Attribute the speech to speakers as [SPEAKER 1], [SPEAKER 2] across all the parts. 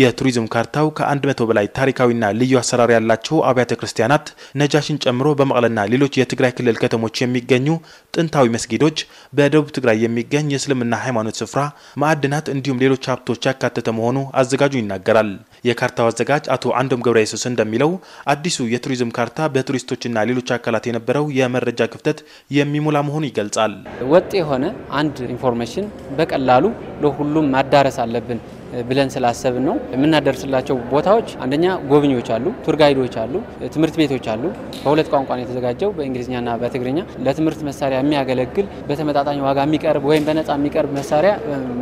[SPEAKER 1] የቱሪዝም ካርታው ከ100 በላይ ታሪካዊና ልዩ አሰራር ያላቸው አብያተ ክርስቲያናት ነጃሽን ጨምሮ በመቀለና ሌሎች የትግራይ ክልል ከተሞች የሚገኙ ጥንታዊ መስጊዶች፣ በደቡብ ትግራይ የሚገኝ የእስልምና ሃይማኖት ስፍራ፣ ማዕድናት እንዲሁም ሌሎች ሀብቶች ያካተተ መሆኑ አዘጋጁ ይናገራል። የካርታው አዘጋጅ አቶ አንዶም ገብረ ኢየሱስ እንደሚለው አዲሱ የቱሪዝም ካርታ በቱሪስቶችና ሌሎች አካላት የነበረው የመረጃ ክፍተት የሚሞላ መሆኑ ይገልጻል። ወጥ የሆነ
[SPEAKER 2] አንድ ኢንፎርሜሽን በቀላሉ ለሁሉም ማዳረስ አለብን። ብለን ስላሰብን ነው። የምናደርስላቸው ቦታዎች አንደኛ ጎብኚዎች አሉ፣ ቱር ጋይዶች አሉ፣ ትምህርት ቤቶች አሉ። በሁለት ቋንቋ ነው የተዘጋጀው በእንግሊዝኛና በትግርኛ። ለትምህርት መሳሪያ የሚያገለግል በተመጣጣኝ ዋጋ የሚቀርብ ወይም በነፃ የሚቀርብ መሳሪያ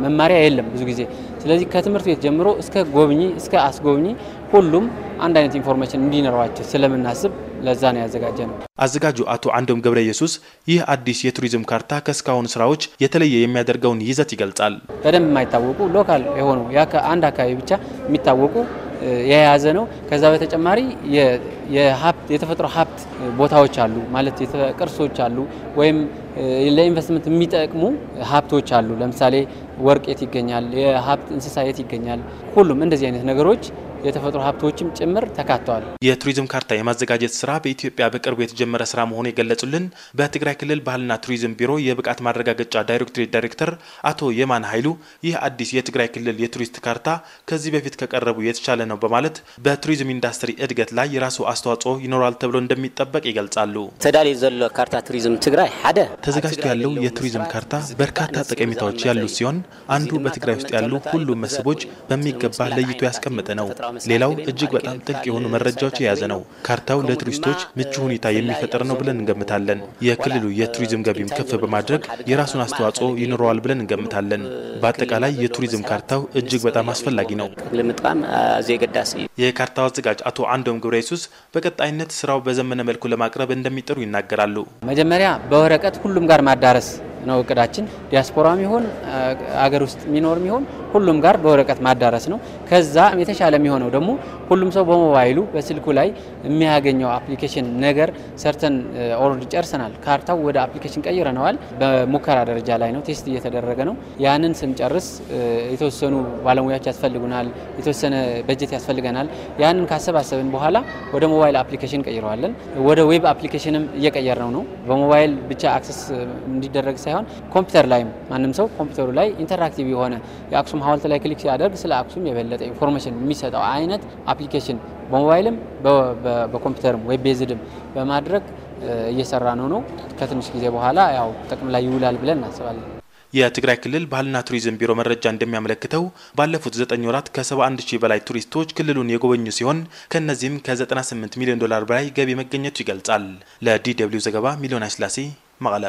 [SPEAKER 2] መማሪያ የለም ብዙ ጊዜ። ስለዚህ ከትምህርት ቤት ጀምሮ እስከ ጎብኚ እስከ አስጎብኚ ሁሉም አንድ አይነት ኢንፎርሜሽን እንዲኖራቸው ስለምናስብ ለዛ ነው
[SPEAKER 1] ያዘጋጀ ነው። አዘጋጁ አቶ አንዶም ገብረ ኢየሱስ ይህ አዲስ የቱሪዝም ካርታ ከእስካሁን ስራዎች የተለየ የሚያደርገውን ይዘት ይገልጻል።
[SPEAKER 2] በደንብ የማይታወቁ ሎካል የሆኑ አንድ አካባቢ ብቻ የሚታወቁ የያዘ ነው። ከዛ በተጨማሪ የተፈጥሮ ሀብት ቦታዎች አሉ ማለት ቅርሶች አሉ ወይም ለኢንቨስትመንት የሚጠቅሙ ሀብቶች አሉ። ለምሳሌ ወርቅ የት ይገኛል፣ የሀብት እንስሳ የት ይገኛል፣ ሁሉም እንደዚህ አይነት ነገሮች የተፈጥሮ ሀብቶችም ጭምር ተካተዋል።
[SPEAKER 1] የቱሪዝም ካርታ የማዘጋጀት ስራ በኢትዮጵያ በቅርቡ የተጀመረ ስራ መሆኑ የገለጹልን በትግራይ ክልል ባህልና ቱሪዝም ቢሮ የብቃት ማረጋገጫ ዳይሬክቶሬት ዳይሬክተር አቶ የማን ኃይሉ ይህ አዲስ የትግራይ ክልል የቱሪስት ካርታ ከዚህ በፊት ከቀረቡ የተሻለ ነው በማለት በቱሪዝም ኢንዱስትሪ እድገት ላይ የራሱ አስተዋጽኦ ይኖራል ተብሎ እንደሚጠበቅ ይገልጻሉ። ዘሎ ካርታ ቱሪዝም ትግራይ ሓደ ተዘጋጅቶ ያለው የቱሪዝም ካርታ በርካታ ጠቀሜታዎች ያሉት ሲሆን አንዱ በትግራይ ውስጥ ያሉ ሁሉም መስህቦች በሚገባ ለይቶ ያስቀመጠ ነው። ሌላው እጅግ በጣም ጥልቅ የሆኑ መረጃዎች የያዘ ነው። ካርታው ለቱሪስቶች ምቹ ሁኔታ የሚፈጥር ነው ብለን እንገምታለን። የክልሉ የቱሪዝም ገቢም ከፍ በማድረግ የራሱን አስተዋጽኦ ይኖረዋል ብለን እንገምታለን። በአጠቃላይ የቱሪዝም ካርታው እጅግ በጣም አስፈላጊ ነው። የካርታው አዘጋጅ አቶ አንዶም ገብረ ኢየሱስ በቀጣይነት ስራው በዘመነ መልኩ ለማቅረብ እንደሚጥሩ ይናገራሉ።
[SPEAKER 2] መጀመሪያ በወረቀት ሁሉም ጋር ማዳረስ ነው እቅዳችን። ዲያስፖራም ይሁን አገር ውስጥ የሚኖር ይሁን ሁሉም ጋር በወረቀት ማዳረስ ነው። ከዛ የተሻለ የሚሆነው ደግሞ ሁሉም ሰው በሞባይሉ በስልኩ ላይ የሚያገኘው አፕሊኬሽን ነገር ሰርተን ኦልሬዲ ጨርሰናል። ካርታው ወደ አፕሊኬሽን ቀይረነዋል። በሙከራ ደረጃ ላይ ነው፣ ቴስት እየተደረገ ነው። ያንን ስንጨርስ የተወሰኑ ባለሙያዎች ያስፈልጉናል፣ የተወሰነ በጀት ያስፈልገናል። ያንን ካሰባሰብን በኋላ ወደ ሞባይል አፕሊኬሽን ቀይረዋለን። ወደ ዌብ አፕሊኬሽንም እየቀየርነው ነው። በሞባይል ብቻ አክሰስ እንዲደረግ ሳይሆን ኮምፒውተር ላይ ታይም ማንም ሰው ኮምፒውተሩ ላይ ኢንተራክቲቭ የሆነ የአክሱም ሀውልት ላይ ክሊክ ሲያደርግ ስለ አክሱም የበለጠ ኢንፎርሜሽን የሚሰጠው አይነት አፕሊኬሽን በሞባይልም በኮምፒውተርም ዌብ ቤዝድም በማድረግ እየሰራ ነው ነው ከትንሽ ጊዜ በኋላ ያው ጥቅም ላይ ይውላል ብለን እናስባለን።
[SPEAKER 1] የትግራይ ክልል ባህልና ቱሪዝም ቢሮ መረጃ እንደሚያመለክተው ባለፉት ዘጠኝ ወራት ከ71 ሺህ በላይ ቱሪስቶች ክልሉን የጎበኙ ሲሆን ከእነዚህም ከ98 ሚሊዮን ዶላር በላይ ገቢ መገኘቱ ይገልጻል። ለዲ ደብልዩ ዘገባ ሚሊዮን አይስላሴ መቀለ